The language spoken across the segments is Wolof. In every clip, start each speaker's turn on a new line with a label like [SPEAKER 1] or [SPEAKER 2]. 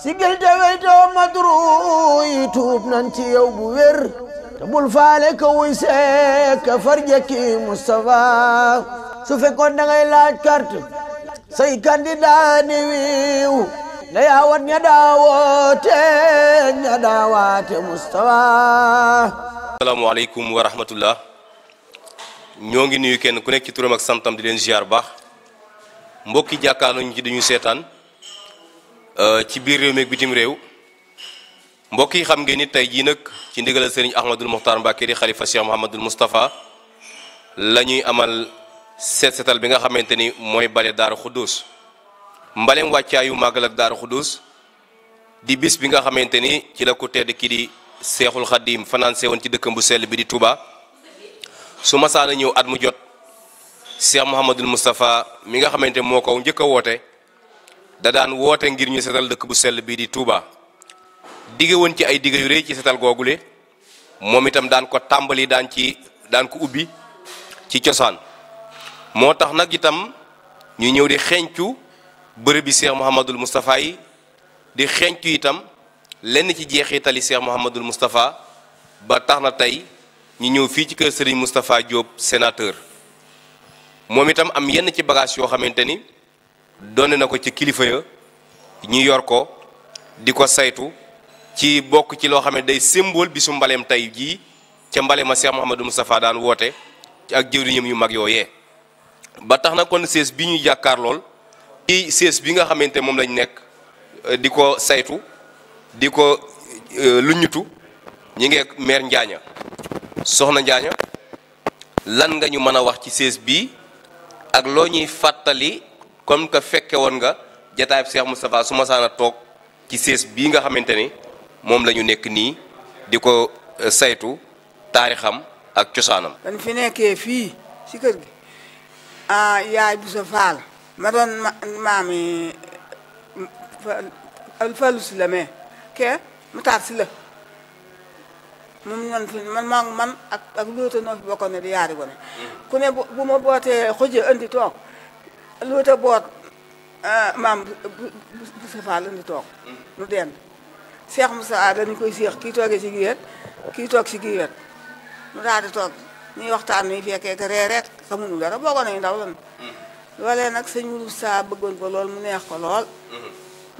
[SPEAKER 1] sigel tawayto madru yi tuub nan ci yow bu wér te bul faale ko wuy seek ka farja ki Moustapha su fekkoon da ngay laaj carte say candidat ni wiiw na yaawat ña daawoote ña daawaate Moustapha
[SPEAKER 2] asalaamaaleykum wa rahmatullah ñongi nuyu kenn ku nek ci turam ak santam di len ziar bax mbokki jakkalu ñu ci diñu Euh, ci biir réew mi ak bitim réew mbokk yi xam ngeen ni tey jii nag ci ndigalal sëriñ Ahmadul Muxtaar Mbàkke di xalifa Cheikh Mouhamadul Moustapha la ñuy amal seet seetal bi nga xamante ni mooy bale Daaru Xuddus mbalem wàccaayu màggal ak Daaru Xuddus di bis bi nga xamante ni ci la ko tedd ki di seexul xaddiim fanaan seewoon ci dëkkam bu sell bi di Touba su masaana ñëw at mu jot Cheikh Mouhamadul Moustapha mi nga xamante moo ko njëkk a woote. da daan woote ngir ñu setal dëkk bu sell bii di Touba digge woon ci ay digge yu rëy ci setal le moom itam daan ko tàmbali daan ci daan ko ubbi ci cosaan moo tax nag itam ñu ñëw di xeencu bërëb bi Cheikh Mouhamadul yi di xencu itam lenn ci jeexitali Cheikh Mouhamadul mustafaa ba tax na tey ñu ñëw fii ci kër Serigne mustafaa Diop sénateur moom itam am yenn ci bagage yoo xamante ni. donn na ko ci kilifa ya ñu yor ko di ko saytu ci bokk ci loo xam ne day symbole bisu mbaleem tey jii ca mbaleema Cheikh Mouhamadou Moustapha daan woote ak jëwriñam yu mag yooye ba tax na kon sées bi ñuy jàkkaar lool ci sées bi nga xamante moom lañ nekk euh, di ko saytu di ko euh, luñutu ñi ngi ak maire Njaaña soxna Njaaña lan nga ñu mën a wax ci sées bi ak loo ñuy fàttali comme que fekke woon nga jataay bi Cheikh Moustapha su ma saan toog ci sées bii nga xamante ni moom lañu nekk nii di ko euh, saytu taarixam ak cosaanam.
[SPEAKER 3] ban fi nekkee fii si kër gi ah yaay bu sa faal. ma doon maami euh, Fallou si la mais mu taar si la moom ñoon fi man maa man ak lóota noo fi bokkoon di yaari gone mm. ku ne bu ma bootee xujje andi toog. lu ta boot maam bu safaa la ñu toog nu dend Cheikh Moussa dañu koy séex kii toogee ci gi wet kii toog ci gi wet nu daal di toog ñuy waxtaan nuy fekkee que reereet xamuñu dara boogoon nañu ndaw lan loolee nag sëñ Moussa bëggoon ko lool mu neex ko lool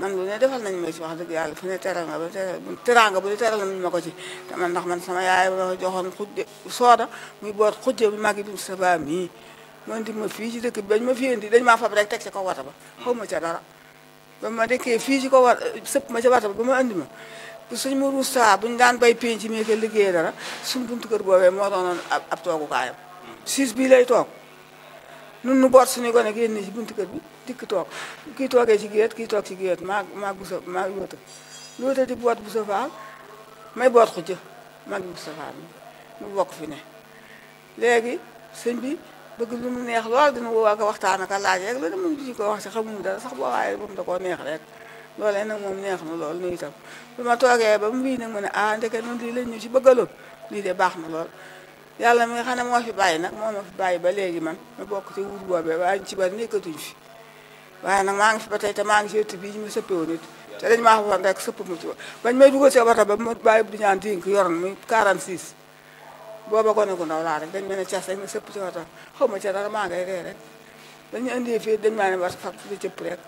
[SPEAKER 3] man lu ne defal nañ ma ci wax dëgg yàlla fu ne teral nga ba teral teranga bu ne teral nañ ma ko ci te man ndax man sama yaay dafa joxoon xujje sooda muy boot xujje bu mag yi bi Moustapha mii ñu andi ma fii ci dëkk bi bañ ma fi indi dañ maa fab rek teg ci ko wata ba xaw ma ca dara ba ma dekkee fii ci ko war sëpp ma ca wata ba ba ma andi ma suñ ma ruusaa buñ daan bay penc mi ko liggéey dara suñ buntu kër boobee moo doonoon ab toogukaayam siis bii lay toog nun nu boot suñu gone génn ci buntu kër bi dikk toog kii toogee ci géet kii toog ci géet maa maa busa maa yóota yóota di boot busa faal may boot xujja maa ngi busa faal mi nu bokk fi ne léegi sëñ bi bëgg mu neex lool dina woowaa ko waxtaan ak laaj rek loolu moom di ko wax si xamuñu dara sax boo waaye moom da koo neex rek loolee nag moom neex na lool nuyu itam bu ma toogee ba mu wii nag mu ne ah ndeke ñu si bëggaloon lii de baax na lool yàlla mi nga xam ne moo fi bàyyi nag moo ma bàyyi ba léegi man ma bokk ci wuur boobee waaye ñu ci bari nekkatuñ fi waaye nag maa ngi fi ba tey te maa ngi si ëtt bii ma sëppee woon it te dañ maa waxoon rek sëpp mu ci bañ may ba ma bàyyi bu du ñaan dénk yoroon muy 46 booba gone gu ndaw laa rek dañ ma ne cas rek ma sëpp ci oto xaw ma ca dara maa ngay ree rek dañ ñu indi fii dañ maa ne war fat di cëpp rek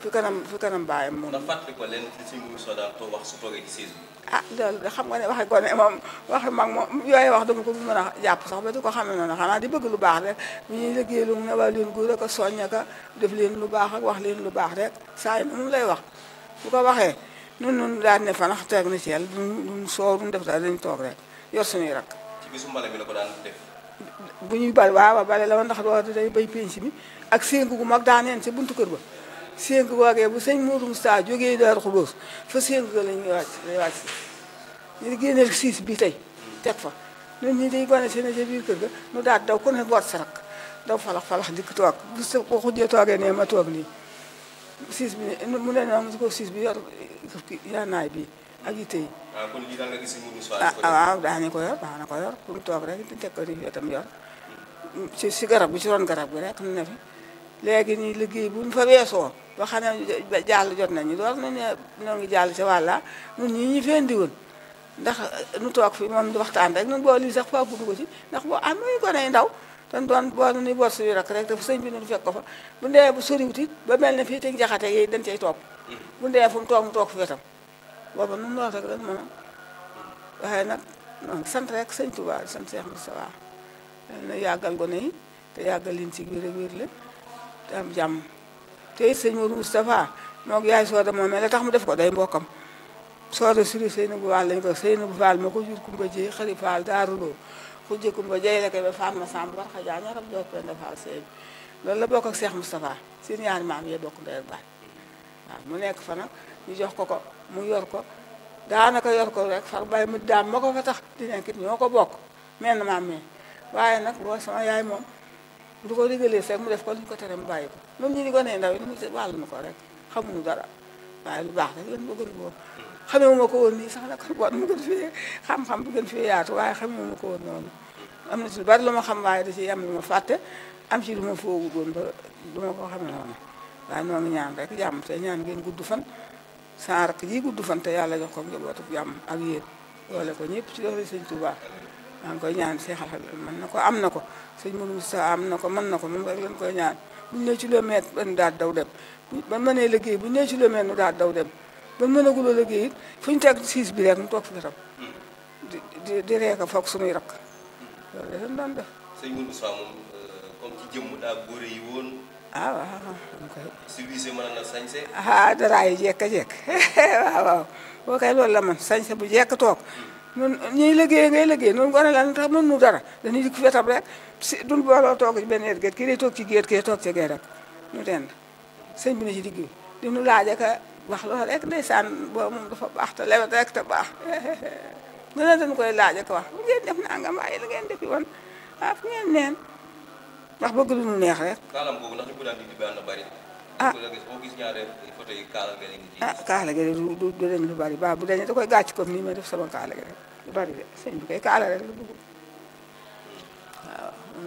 [SPEAKER 3] fi kanam fi kanam bàyyi moom. ndax
[SPEAKER 2] fàttali ko leen ci suñu émission daal too wax su toogee ah, ne waxi gone moom
[SPEAKER 3] waxi mag moom wax dama ko mën a jàpp sax ba di ko xamee noonu xanaa di bëgg lu baax rek bu ñuy liggéey lu mu ne leen góor ak a def leen lu baax ak wax leen lu baax rek saa yu mu lay wax bu ko waxee nun nun daan ne fanax teeg na ci yàlla duñ duñ soow duñ def daal dañ toog rek yor suñuy rak
[SPEAKER 2] bisu mbale bi la ko daan def
[SPEAKER 3] bu ñuy bal waaw bale la woon ndax wax day bay penc mi ak sénku gu mag daaneen si buntu kër ba sénku googee bu sëñ Modou Moustapha jógee Daaru Xudoos fa sénku ga lañuy wàcc lay wàcc si ñu génneel siis bi tey teg fa ñun ñi day gone seen ca biir kër ga nu daat daw ku ne boot sarak daw falax falax dikk toog bu sa ko xujjee toogee ne ma toog nii siis bi mu ne noonu ko siis bi yor yaa naay bii ak yitte yi.
[SPEAKER 2] waaw kon lii daal nga gis Mourou Moussa. ah waaw daana
[SPEAKER 3] ko yor daana ko yor pour toog rek di teg ko di itam yor si si garab gi si ron garab gi rek xam na fi léegi nii liggéey bu ñu fa weesoo ba xam ne jàll jot nañu door nañu ne ñoo ngi jàll si wàlla ñun ñii ñu fendi woon ndax nu toog fi moom di waxtaan rek ñun boo lii sax faa gudd ko ci ndax boo am muy gone ndaw dañ doon boo nu ni bor suñu rak rek dafa sëñ bi nu fekk ko fa bu ndee bu soriwuti ba mel ne fii teg jaxate yi dañ cay topp bu ndee fu mu toog mu toog fi wetam booba moom loolu rek rek moom waaye nag sant rek sëñ Tuubaa sant Seex Mustafaa na yàggal gone yi te yàggal leen ci wér a wér la te am jàmm te it sëñ Mourou Moustapha moog yaay sooda moomee la tax mu def ko day mbokkam sooda suri Seynabou Fall lañ ko Seynabou Fall ma ko jur Kumba Jéy Xari Fall Daaru Lo xujje Kumba Jéy la koy ba faam ma Samb war xajaa ñaram jox Penda Fall seen loolu la bokk ak Seex Mustafaa seen ñaari maam yee bokk ndey ak baay waaw mu nekk fa nag ñu jox ko ko mu yor ko daanaka yor ko rek far bay mu daan ma ko fa tax di nekkit ñoo ko bokk mel na maam mi waaye nag boo sama yaay moom bu du ko régalee rek mu def ko luñ ko tere mu bàyyi ko même ñi di gone ndaw yi mu ko rek xamuñu dara waaye lu baax rek lan bëggoon boobu xamewuma ko woon sax nag bon mu gën fee xam-xam bu gën fee yaatu waaye xamewuma ko woon noonu am na ci lu bari lu ma xam waaye da ci am lu ma fàtte am ci lu ma foogul woon ba du ma ko xam noonu waaye noonu ñaan rek jàmm te ñaan ngeen gudd fan sa rakk ji gudd fante yàlla jox ko bu jàmm ak yéen boole ko ñëpp ci doole sëñ Tuubaa maa ngi koy ñaan Seex Alxadim man na ko am na ko sëñ Mourou sa am na ko mën na ko moom rek lañ koy ñaan ñu nee ci kilomètre ban daal daw dem ban mënee liggéey bu ñu nee ci kilomètre nu daal daw dem ban mënaguloo liggéey fu ñu teg siis bi rek mu toog fi wetam di di di reeka foog suñuy rakk loolu dafa daan de
[SPEAKER 2] sëñ Mourou Moussa moom euh, comme ci jëmm daa góore yi woon. ah waaw am koy civilisé mën
[SPEAKER 3] a jekk waaw waaw boo kay ah, loolu la man sañse bu jekk toog noonu ñuy liggéey ngay liggéey noonu gone la tax mën nu dara dañuy dikk fetam rek si booloo toog ci benn géet kii day toog ci géet kii toog ci géet rek nu dend sëñ bi na ci digg bi di nu laaj ak wax loolu rek ndeysaan boo moom dafa baax te lewet rek te baax nu ne dañ koy laaj ak wax bu ngeen def naa nga mbaa yi defi woon waaw fu ngeen neen ndax bëgg lu ñu neex rek.
[SPEAKER 2] kaalaam googu ndax li ah ah
[SPEAKER 3] kaala gi du du du lu bari ba bu dañu da koy gàcc comme nii ma def sama kaala gi rek lu bari de sëñ bi kaala rek lu bëgg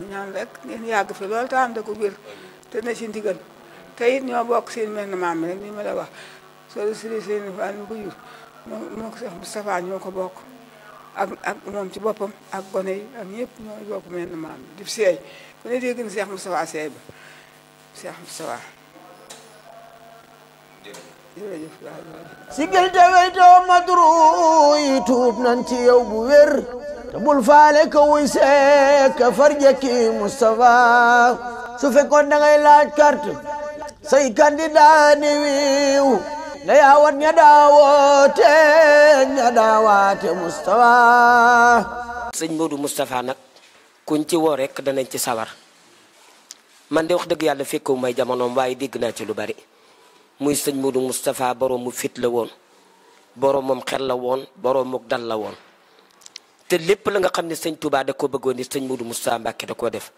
[SPEAKER 3] ñaan rek ngeen yàgg fi loolu te ànd ko wér te ne si ndigal te it ñoo bokk seen mel na maam rek ni ma la wax soo de si seen fan ko jur moo ko Cheikh Moustapha ñoo ko bokk. ak ak ci boppam ak gone yi ak ñëpp ñoo bokk mel ni maam di seey ku ne dégg na Cheikh Moustapha seey ba Cheikh Moustapha jërëjëf
[SPEAKER 1] sigil te weytoo madru yi tuub nan ci yow bu wér te bul faale ka wuy seek farjëkki Moustapha su fekkoon da ngay laaj carte say candidat ni wiiw na ya ليعود نداوات نداوات mustafa sëñ Modou mustafa nag kuñ ci wo rek danañ ci sawar man de wax deug yalla fekkow may jamono way dégg na ci lu bari muy sëñ Modou mustafa borom mu fit la won borom mom xel la won borom mu dal la won te lepp la nga xam ne Touba da ko beggoni ni Modou mustafa Mbacke da ko def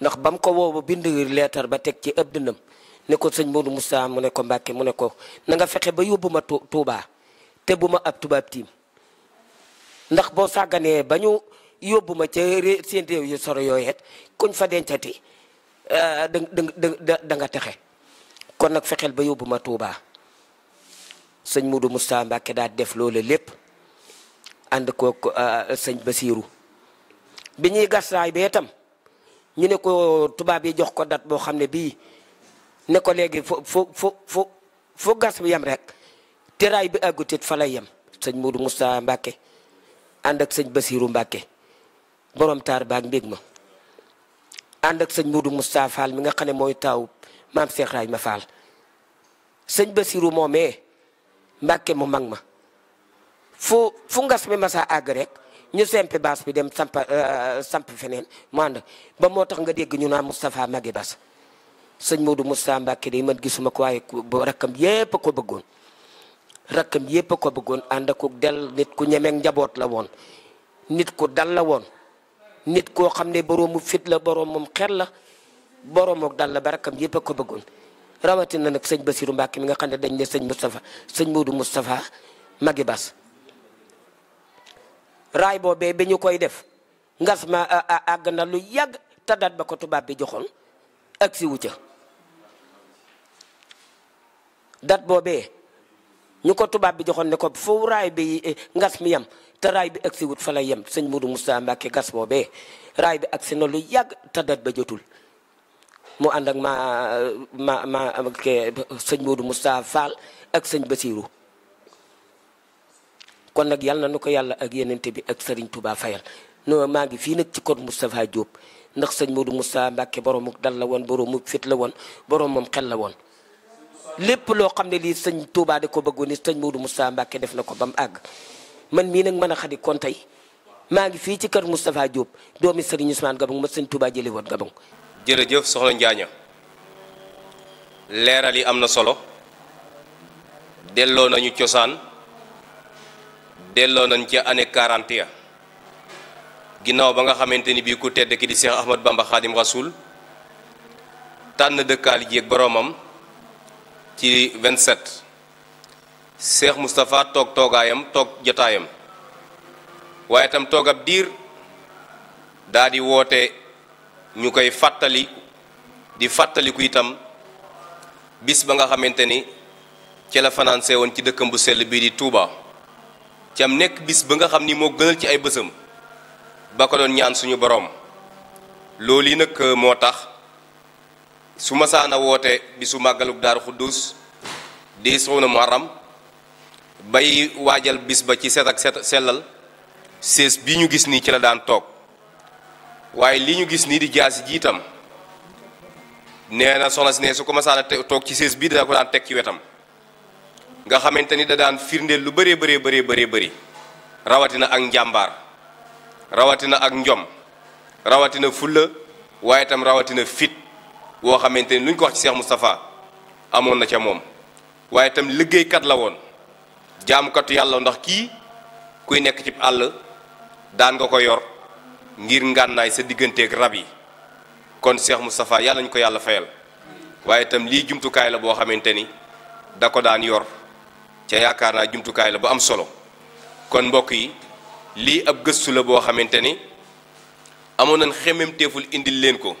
[SPEAKER 1] ndax bam ko wo bindu lettre ba tek ci ëpp ne ko sëñ Modou Moussa mu ne ko mu ne ko na fexe ba yóbbu ma Touba te bu ma ab tubaab tiim ndax boo sàgganee ba ñu yóbbu ma ca seen réew yu soro yooyeet kuñ fa dencati euh, da da texe kon nag fexeel ba yóbbu ma Touba sëñ Modou Moussa Mbàkke daal def loolu lépp ànd kook euh, sëñ Basiiru bi ñuy gasaay ba itam ñu ne ko tubaab yi jox ko dat boo xam ne bii ni ko léegi fo fo fu fo fo gas bi yem rek teraay bi àggutit fa lay yem sëñ Modou Moustapha Mbacke ànd ak sëñ Basirou Mbacke borom taar baak mbég ma ànd ak sëñ Modou Moustapha Fall mi nga xam ne mooy taaw maam Cheikh Rahima Fall sëñ Basirou moomee Mbacke mu mag ma fu fu ngas mi masa àgg rek ñu sempi baas bi dem samp euh, samp feneen mu ànd ba moo tax nga dégg ñu naan Moustapha Maggi Bass sëñ Modou Moussa Mbacke day ma gisuma ko waaye rakkam yépp a ko bëggoon rakkam yépp a ko bëggoon ànd ak dell nit ku ñemeeg njaboot la woon nit ku dal la woon nit koo xam ne boroomu fit la boroomam xel la boroomook dal la ba rakkam yépp a ko bëggoon rawatina nag sëñ basiiru Mbacke mi nga xam ne dañ ne sëñ Moustapha sëñ Modou Moustapha magi bas raay boobee bi ñu koy def ngas ma àgg na lu yàgg taddaat ba ko tubaab bi joxoon ak si ca date boobee ñu ko tubaab bi joxoon ne ko foofu raay bi eh, ngas mi yem te raay bi agsi wut fa lay yem sëñ Modou Moustapha Mbacké gas boobee raay bi agsi na lu yàgg te date ba jotul mu ànd ak ma ma ma sëñ Modou Moustapha Fall ak sëñ Basirou kon nag yàlla na nu ko yàlla ak yenente bi ak Serigne Touba fayal no maa ngi fii nag ci kër Moustapha Diop ndax sëñ Modou Moustapha Mbacké boromuk dal la woon boromuk fit la woon moom xel la woon lépp loo xam ne lii sëñ Touba da ko bëggoon ni sëñ Modou Moustapha Mbacke def na ko ba mu àgg man mii nag mën a xadi kon tey maa ngi fii ci kër Moustapha Diop doomi Serigne Ousmane Gabon ma sëñ Touba jëlee woon Gabon.
[SPEAKER 2] jërëjëf soxna Njaaña leeral yi am na solo delloo nañu cosaan delloo nañ ca année 40 ginnaaw ba nga xamante ni bii ku tedd ki di Cheikh Ahmad Bamba Khadim Rasoul tànn dëkkaal ji ak boromam. ci 27 Cheikh Moustapha toog toogaayam toog jataayam waaye itam toog ab diir daadi woote ñu koy fàttali di fàttaliku itam bis ba nga xamante ni ci la fanaanse woon ci dëkkam bu sell bii di Touba ci nekk bis ba nga xam ni moo gënal ci ay bësam ba ko doon ñaan suñu boroom loolu yi nag moo tax suma sana wote woote bisu màggalug dar khudus di sunu muharram bay wajal bis ba ci set ak set sellal sées bi ñu gis ni ci la daan tok waye li ñu gis ni di jaasi jitam neena sonas ne su ko masaan a ci ses bi da ko daan tek ci wetam nga xamanteni da daan lu rawatina ak njàmbaar rawatina ak njom rawatina fulle waaye tam rawatina fit boo xamante ni lu ñu ko wax ci Cheikh Moustapha amoon na ca moom waaye itam liggéeykat la woon jaamukatu yàlla ndax kii kuy nekk ci àll daan nga ko yor ngir ngànnaay sa digganteeg rab yi kon Cheikh Moustapha yàlla ñu ko yàlla fayal waaye itam lii jumtukaay la boo xamante ni da ko daan yor ca yaakaar naa jumtukaay la bu am solo kon mbokk yi lii ab gëstu la boo xamante ni amoon nañ xemmemteeful indil leen ko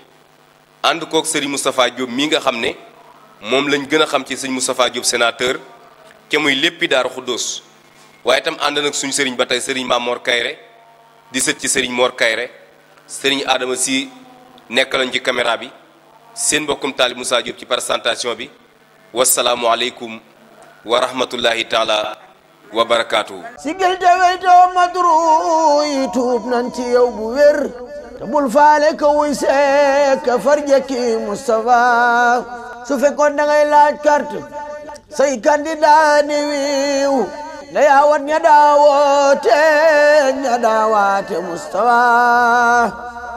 [SPEAKER 2] ànd kook sëriñ Moustapha Diop mii nga xam ne moom lañ gën a xam ci sëñ Moustapha Diop sénateur ca muy léppi Daaru Xuddoos waaye itam ànd nag suñ sëriñ ba tey sëriñ Mamor Kayre di sët ci sëriñ Mor Kayre sëriñ Adama si nekk lañ ci caméra bi seen mbokkum taalib Moussa Diop ci présentation bi wasalaamualeykum wa rahmatullahi taala wa barakaatu.
[SPEAKER 1] sigil te weytoo madru yi tuub nañ ci yow bu wér. te bul faale ka wuy see ka farje ki Moustapha su fekkoon da ngay laaj carte say candidat ni
[SPEAKER 3] wiiw ña daawoote ña daawaate Moustapha